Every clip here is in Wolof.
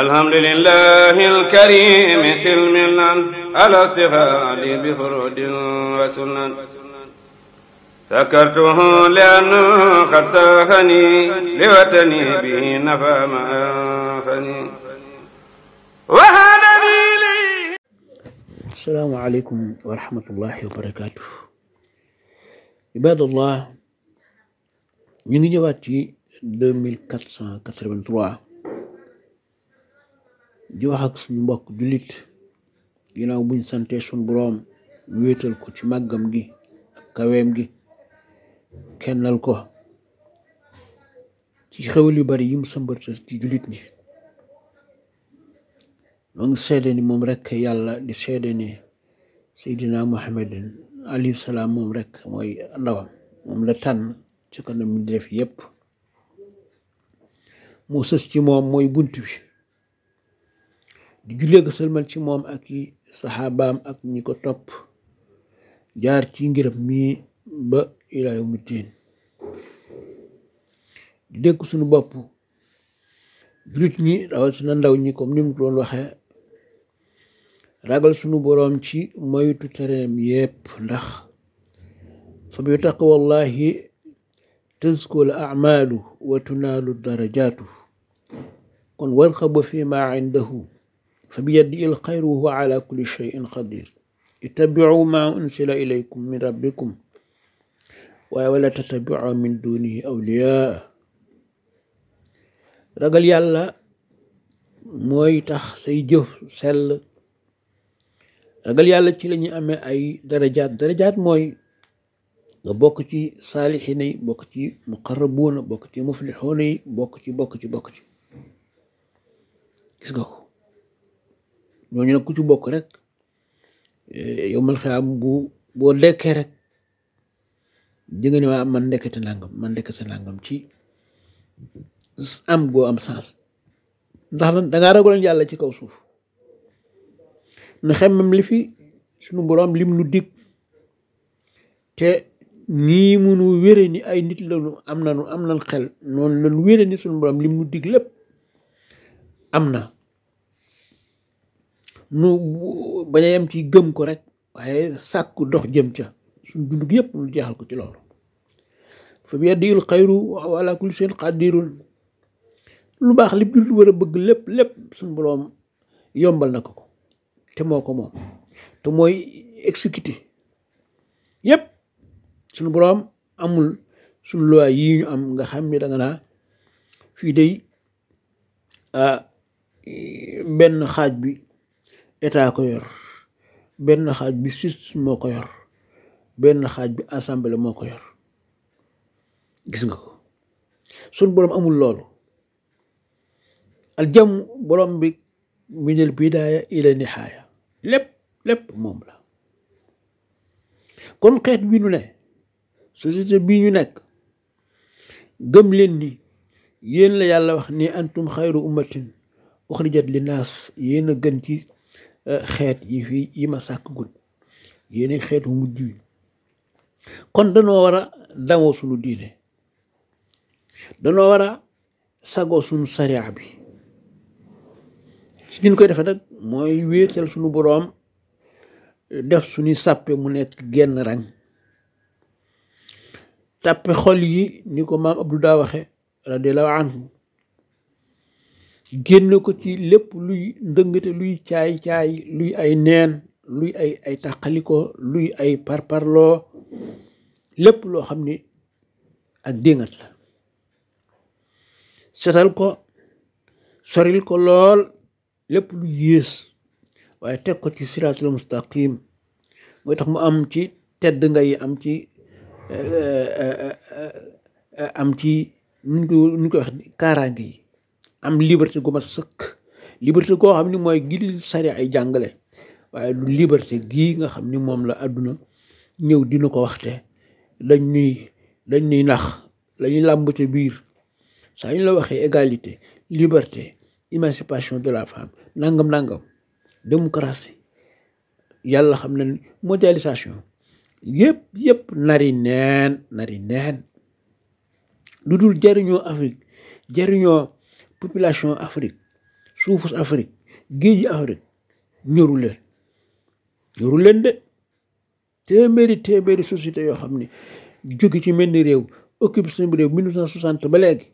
alhamdulillahi alkarimi silmilan alastifadi bifurudin wa sunan سكرته لأنه قد ساهني لوطني به نفى ما أنفني وهذا لي السلام عليكم ورحمة الله وبركاته عباد الله ñu ngi ñëwaat ci 2483 di wax ak suñu mbokk jullit ginnaaw buñ sante suñ boroom wéetal ko ci màggam gi ak kaweem gi kennal ko ci xewal yu bari yi mu sëmbatal ci jullit ñi moo ngi ni moom rekk yàlla di seede ni seydina muhammadin alayhi salaam moom rekk mooy ndawam moom la tànn ci kanam mi def yépp mu sës ci moom mooy bunt bi di jullee ko sëlmal ci moom ak i saxaabaam ak ñi ko topp jaar ci ngirëm mi ba ilaa yawmiddin di dékk suñu bopp jullit ñi rawatina ndaw ñi comme ni mu waxe waxee ragal sunu boroom ci moytu tereem yépp ndax fa bi taq wallahi tazkul amalu wa tunaalu darajaatu kon warxaba fi ma indahu fa biyadihi alxayru wa huwa ala kulli cheyin qadir ittabiu ma unsila ilaykum min rabbikum waaye wala tattabiu min dunihi awliyaa ragal yàlla mooy tax say jëf sell ragal yàlla ci la ñu amee ay darajaat darajaat mooy nga bokk ci saalixina yi bokk ci muqarrabuuna bokk ci muflixuuna yi bokk ci bokk ci bokk ci gis nga ko ñooñu nag ku ci bokk rek eh, yow mal xiyaam bu boo dekkee rek di nga ne man ndekkete nangam man ndekkete nangam ci am goo am sens ndax da ngaa ragaloon yàlla ci kaw suuf nu xemmam li fi sunu boroom lim nu digg te nii munu wére ni ay nit lanu am nanu am nan xel noon lanu wére ni sunu boroom lim nu dig lépp am na nu bañ yam yem ci gëm ko rek waaye sàkku dox jëm ca suñ dund gi yëpp lu jeexal ko ci loolu fa bi yadil xayru wa ala kulli shay'in qadirun lu baax li jullit war a bëgg lépp lépp suñ boroom yombal na ko ko te moo ko moom te mooy exécuté yépp suñu boroom amul suñ loi yi ñu am nga xam ne da naa fii day ah, benn xaaj bi état ko yor benn xaaj bi justice moo ko yor benn xaaj bi assemblée moo ko yor gis nga ko suñ boroom amul loolu al jëm boroom bi minel bidaaya ila nihaaya lépp lépp moom la kon xeet bi ñu ne société bii ñu nekk gëm leen ni yéen la yàlla wax ni antum xayru ummatin uxrijat li naas yéen gën ci xeet yi fi yi ma sàkk gun yéene xeetu mujj wi kon danoo war a dawoo sunu diine danoo war a sagoo sunu sariya bi si ñu koy defee nag mooy wéetal sunu boroom def suñuy sàppe mu nekk genn rang tàppe xol yi ni ko maam Abdou daa waxe radiallahu anhu génn ko ci lépp luy ndëngate luy caay-caay luy ay neen luy ay ay tàqaliko luy ay parparloo lépp loo xam ni ak déngat la setal ko soril ko lool lépp lu yées waaye teg ko ci siraatul mustaqim mooy tax mu am ci tedd nga yi am ci eh, eh, eh, am ci nuñ ko nuñ ko wax kaaraange yi am liberté gu ma goo xam ni mooy gi sare ay jàngale waaye du liberté gii nga xam ni moom la àdduna ñëw dina ko waxte dañ ñuy dañ ñuy nax lañuy làmbate biir saa ñu la waxee égalité liberté émancipation de la femme nangam nangam démocratie yàlla xam na mondialisation yëpp yëpp nari neen nari neen lu dul jariñoo Afrique jariñoo population Afrique suufus Afrique géeji Afrique ñoru leen ñoru leen de téeméeri téeméeri société yoo xam ni jóge ci mel ni réew occupé seen réew 1960 ba léegi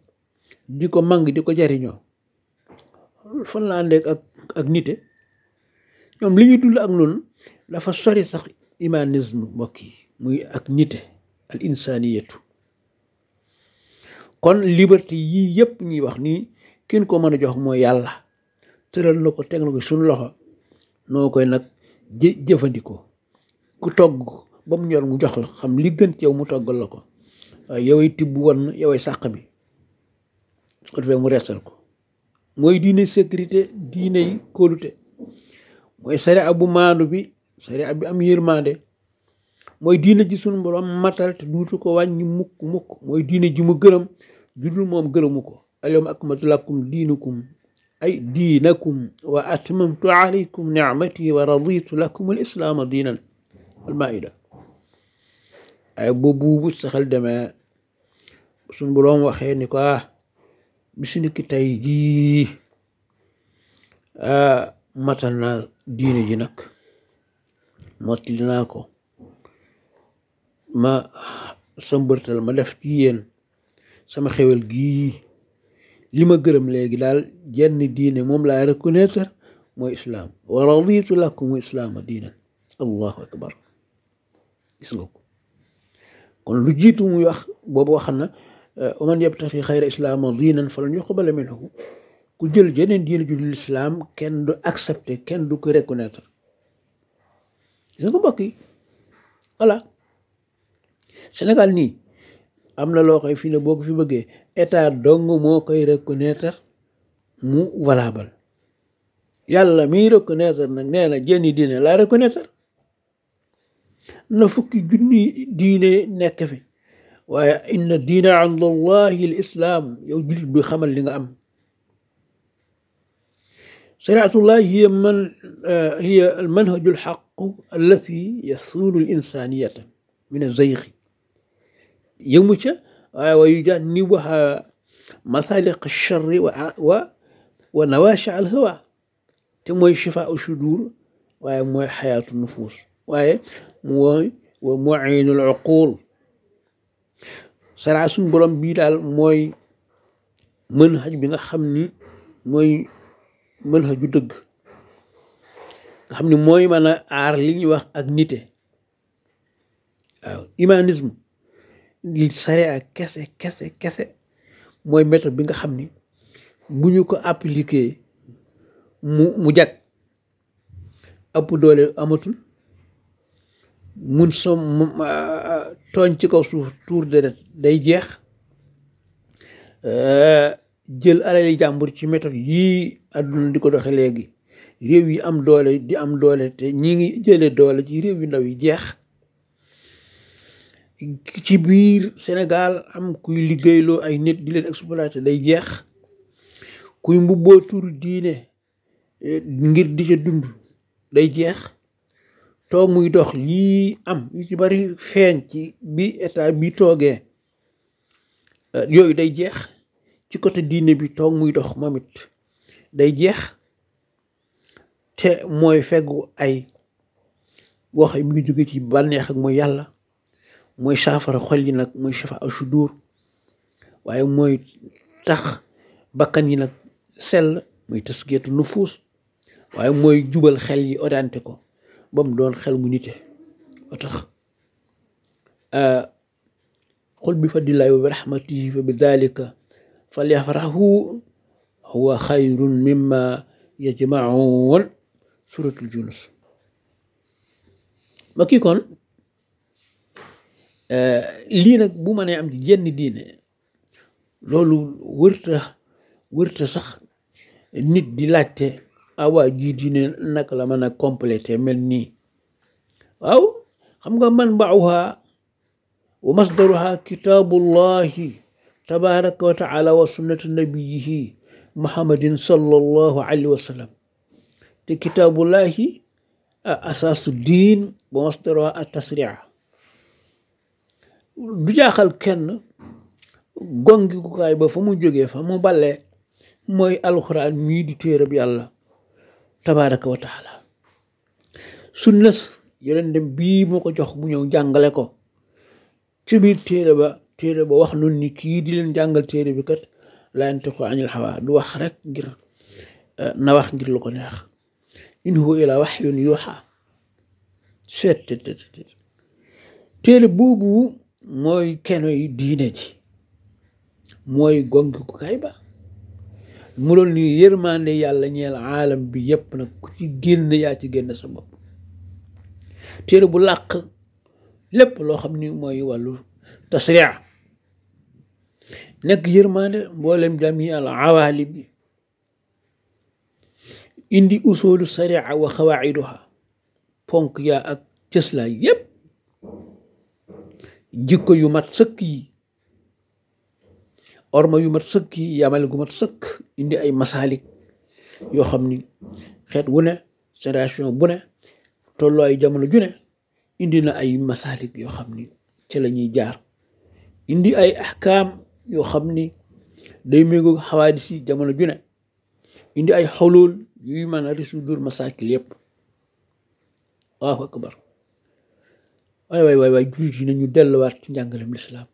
di ko màng di ko jariñoo fan ak ak ñoom li ñuy dund ak noonu dafa sori sax humanisme mbokk yi muy ak nite al insaniyatu kon liberté yii yëpp ñuy wax nii kin ko mën a jox mooy yàlla tëral na ko teg na ko suñu loxo noo koy nag jë jëfandikoo ku togg ba mu ñor mu jox la xam li gën yow mu toggal la ko yow yoway tibb won yow sàq mi ko defee mu resal ko mooy diine sécurité diina yi kóolute mooy sariya bu maandu bi sariya bi am yërmande mooy diine ji suñu borom matal te duutu ko wàññi mukk mukk mooy diine ji mu gërëm judul moom gërëmu ko alyawma akmaltu lakum diinukum ay diinakum wa atmamtu alaykum nicmati wa raditu lakum al islaama diinan al maida ay boobu bu saxal demee suñ boroom waxee ni ko bisu ni ki jii matal naa diine ji nag mottali naa ko ma sëmbërtal ma sama xewel gii li ma gërëm léegi daal jenn diine moom laay reconnaître mooy islaam wa raditu lakum islaama diina allahu akbar gis nga ko kon lu jiitu muy wax boobu wax na waman yabtaxi xayra islaama diinan falan yuqbala minhu ku jël jeneen diine ju dul kenn du accepter kenn du ko reconnaître gis nga ko mbokk yi am na loo koy fii ne boo ko fi bëggee état dong moo koy reconnaître mu valable yàlla miy reconnaître nag nee na jenni diine laa reconnaître na fukki junni diine nekk fi waaye inna diina inda yow julit li nga am sariatullah hiya man hiya al manhaju l xaq allati yasulu l insaniyata min yëngu ca wa yujannibuha masaliq charri wa wa wa nawacha al hawa te mooy chifaau sudur waaye mooy xayaatu nufus waaye mooy wa muinul uqul saraa suñ borom bii daal bi nga xam ni mooy dëgg xam ni mooy mën a aar li ñuy wax ak nite waaw charia kese kese kese mooy méthode bi nga xam ni bu ñu ko appliquer mu mu jag ëpp doole amatul mun som tooñ ci kaw suuf tuur deret day jeex jël alali jàmbur ci méthode yii àdduna di ko doxe léegi réew yi am doole di am doole te ñi ngi jële doole ci réew yu ndaw yi jeex ci biir Sénégal am kuy liggéeyloo ay nit di leen exploité day jeex kuy mbubboo diine eh, ngir di ca dund day jeex toog muy dox lii am yu ci bari feeñ ci bi état bi toogee eh, yooyu day jeex ci côté diine bi toog muy dox moom it day jeex te mooy feggu ay wax mu ngi jóge ci bànneex ak mooy yàlla mooy saafara xol yi nag mooy safa asudur waaye mooy tax bakkan yi nag sell muy taskiyatu nufuus waaye mooy jubal xel yi orienté ko ba mu doon xel mu nite ba tax xul euh, bi fadlillahi wa bi rahmatihi fa bi dalika falyafrahu huwa xayrun mimma yajmaun suratul junus ma kii kon Eh, lii nag bu mënee am ci jenn diine loolu wërta wërta sax nit di laajte awaa ah, ji diine naka la mën a complété mel nii waaw nga man baauha wa masdaruha kitaabullahi tabaraka wa taala wa sunnatu nabiyihi muhammadin sallallahu alayhi wa sallam te kitaabullahi ah, asaasu diin wa masdaruha at tasria du jaaxal kenn gongikukaay ba fa mu jógee fa mu bale mooy alxuraan mii téere téerab yàlla tabaaraka wa taala su nes yeneen dem bii moo ko jox mu ñëw jàngale ko ci biir téere ba téere ba wax nun ni kii di leen jàngal téere bi kat laa yantiqu anil hawaa du wax rek ngir eh, na wax ngir lu ko neex in huwa illaa wahyun yuuhaa seet téere boobu mooy kenoy diine ji mooy gonkikukaay ba mu doon ni yërmande yàlla ñeel aalam bi yëpp nag ku ci génn yaa ci génn sa bopp bu làq lépp loo xam ni mooy wàllu tasria nekk yërmande mboolem jami al awaali bi indi usulu saria wa xawaiduha ponk yaa ak cëslaa yëpp jikko yu mat sëkk yi orma yu mat sëkk yi yamal gu mat sëkk indi ay masaalik yoo xam ni xeet wu ne bune bu ne jamono ju indi na ay masaalik yoo xam ni ci la ñuy jaar indi ay ahkaam yoo xam ni day méngoo xawaadis yi jamono ju indi ay xulul yuy mën a résoudre masaakil yépp waaw akbar waay waaye waay waay jullit yi delluwaat ci njàngalem lislaam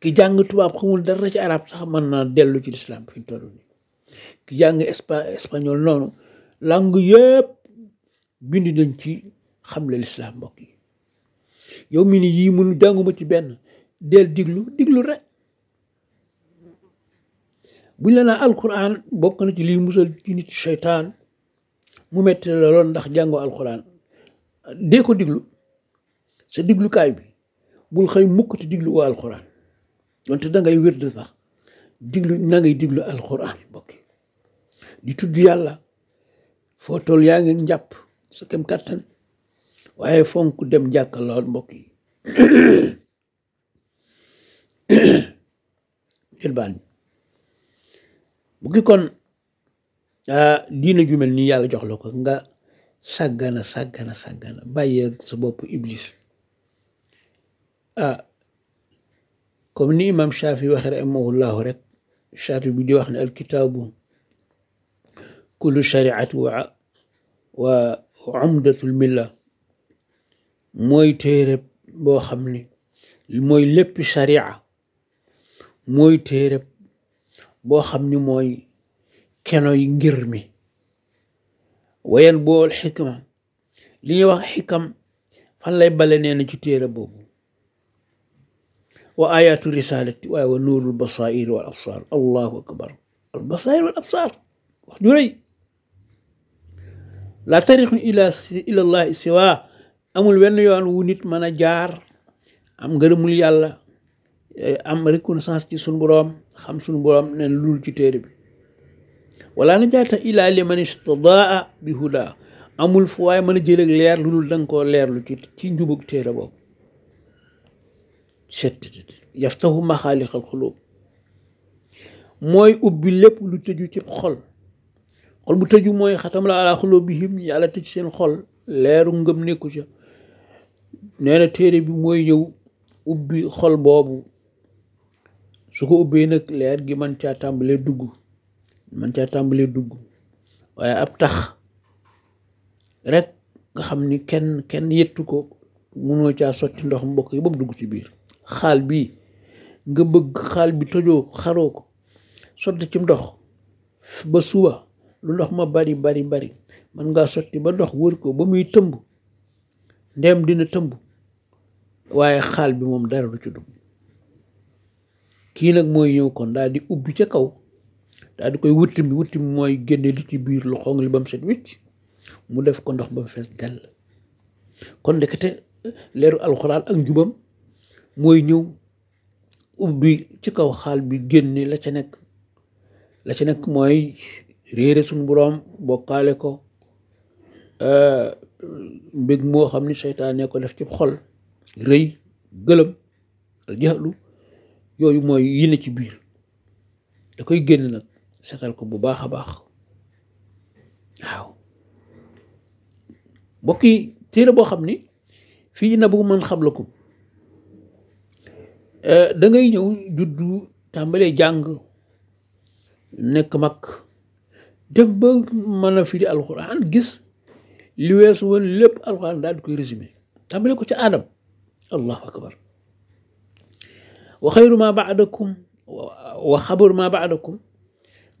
ki jàng tubaab xamul dara ci arab sax mën naa dellu ci lislaam fi mu toll nii ki jàng espagnol noonu langue yëpp bind nañ ci xamle lislaam mbokk yow mi ni yii mënu jànguma ci benn del diglu diglu rek buñ la naa alquran bokk na ci liy musal ci nit seytaan mu metti la lool ndax jàngoo alquran dee ko diglu sa diglukaay bi bul xëy mukk te diglu waa alxuraan donte da ngay wér de sax diglu na ngay diglu alxuraan bokki di tudd yàlla foo toll yaa ngi njàpp sa kem kàttan waaye fonk dem jàkk lool mbokk yi ngir baal bu ki diina ju mel nii yàlla jox la ko nga saggana sàggana sàggana bàyyeeg sa bopp iblis ah comme ni imam Shaafi waxe rahimahullahu rek Shaafi bi di wax ne alkitaabu kullu shariati wa wa umdatul milla mooy téere boo xam mooy lépp sharia mooy téere boo xam ni mooy kenoy ngir mi wayen bool xikma li ñuy wax xikam fan lay bale nee na ci téere boobu wa ayatu risalati waaye wa nuurul basair wal absar allahu akbar al basair wal absar wax ju rëy la tariqun ila ila llahi siwa amul wenn yoon wu nit mën a jaar am ngërëmul yàlla am reconnaissance ci suñu boroom xam suñu boroom nen lul ci téere bi wala najaata ila liman istadaa bi huda amul fu waaye mën a jël leer lu dul danga koo leerlu ci ci njubug téere boobu yaf settiti yaftahu maxaalixal xulóob mooy ubbi lépp lu tëju ci xol xol bu tëju mooy xatam la ala xulóobihim yàlla tëj seen xol leeru ngëm nekku ca nee téere bi mooy ñëw ubbi xol boobu su ko ubbee nag leer gi mën caa tàmbalee dugg mën caa tàmbalee dugg waaye ab tax rekk nga xam ni kenn kenn yettu ko mënoo caa sotti ndox mbokk yi ba dugg ci biir xaal bi nga bëgg xaal bi tojoo xaroo ko sotti ci ndox ba suba lu ndox ma bari bari bari man ngaa sotti ba ndox wër ko ba muy tëmb ndeem dina tëmb waaye xaal bi moom dara lu ci dugg kii nag mooy ñëw kon daal di ubbi ca kaw daal di koy wutim mi wutti mooy génne li ci biir lu xong li ba mu set wicc mu def ko ndox ba mu fees dell kon ndekete leeru alxuraan ak njubam mooy ñëw ubbi ci kaw xaal bi génne la ci nekk la ci nekk mooy réere suñ boroom bokkaale ko euh, mbég moo xam ni seytaane ko def ci xol rëy gëlëm al yooyu mooy yi ci biir da koy génn nag seetal ko bu baax a baax waaw mbokk yi téere boo xam ni fii na bu man xam la ko Eh, dangay ngay ñëw juddu tàmbalee jàng nekk mag dem ba mën a firi alxuraan gis li weesu woon lépp alxuraan daal di koy résumé tàmbale ko ci aadam allahu akbar wa xayru ma baadakum wa xabaru ma baadakum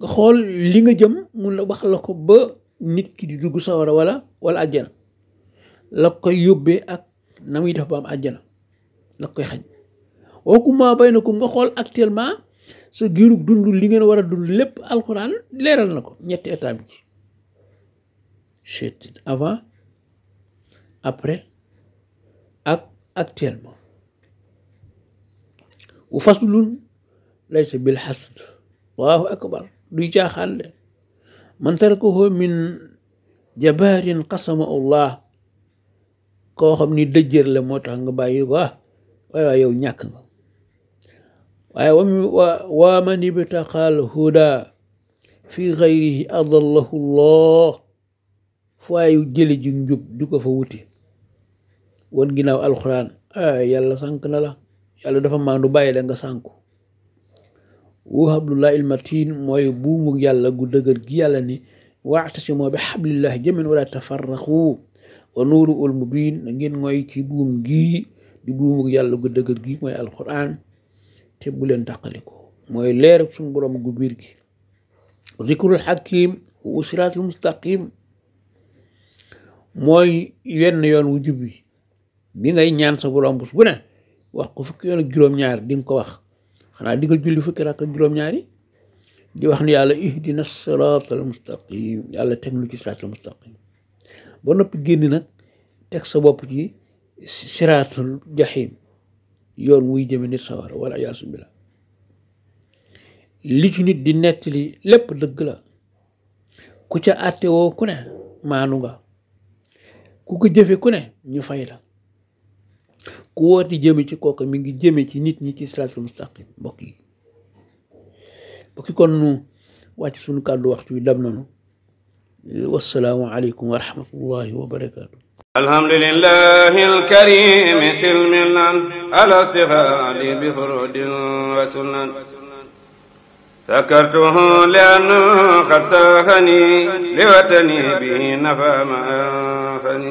nga xool li nga jëm mun la wax la ko ba nit ki di dugg sawara wala wala àjjana la koy yóbbee ak na muy def ba am àjjana la koy xañ okuma bay na kum nga xool actuellement sa giirug dund li ngeen war a dund lépp alxuraan leeral na ko ñetti état bi ci avant après ak actuellement u faslun laysa bil xasd allahu akbar duy caaxaan de man tarakahu min jabaarin qasama koo xam ni dëjër la moo tax nga bàyyi ko ah waaye waaye ñàkk nga waaye wa man ibtaqal huda fi gayrihi adallahu llah faayu jële ji njub du ko fa wuti woon ginnaaw alxuraan yàlla sànk na la yàlla dafa maandu bàyyi la nga sànku wu hablullah ilmatin mooy buumu yàlla gu dëgër gi yàlla ni waatasimoo bi xablillahi jamii'an wala tafarraqu wa nuuru ul mubin ngeen mooy ci buum gi di buumu yàlla gu dëgër gi mooy alxuraan te bu leen tàqaliko mooy leer ak suñu borom gu gi zikrul xakim wa siraatul mustaqim mooy wenn yoon wu jub bi bi ngay ñaan sa borom bus wax ko fukki yoon ak di nga ko wax xanaa di nga julli fukki rakk ak juróom-ñaari di wax ni yàlla ihdina siraatal mustaqim yàlla teg nu ci siraatal mustaqim ba noppi génn nag teg sa bopp ci siraatul jaxim yoon wuy jëme nit sawara wala yaasu billah li ci nit di nettali lépp dëgg la ku ca àtte woo ku ne maanu nga ku ko jëfe ku ne ñu fay la ku wooti jëme ci kooka mi ngi jëme ci nit ñi ci siraatul mustaqim mbokk yi mbokk kon nu wàcc sunu kàddu waxtu wi dab nanu wassalaamu aleykum wa wa barakaatu alhamdulilah alkarimi silmilan ala sihali bi furudin wa sakartuhu lianu xad sahani liwatani bi nafa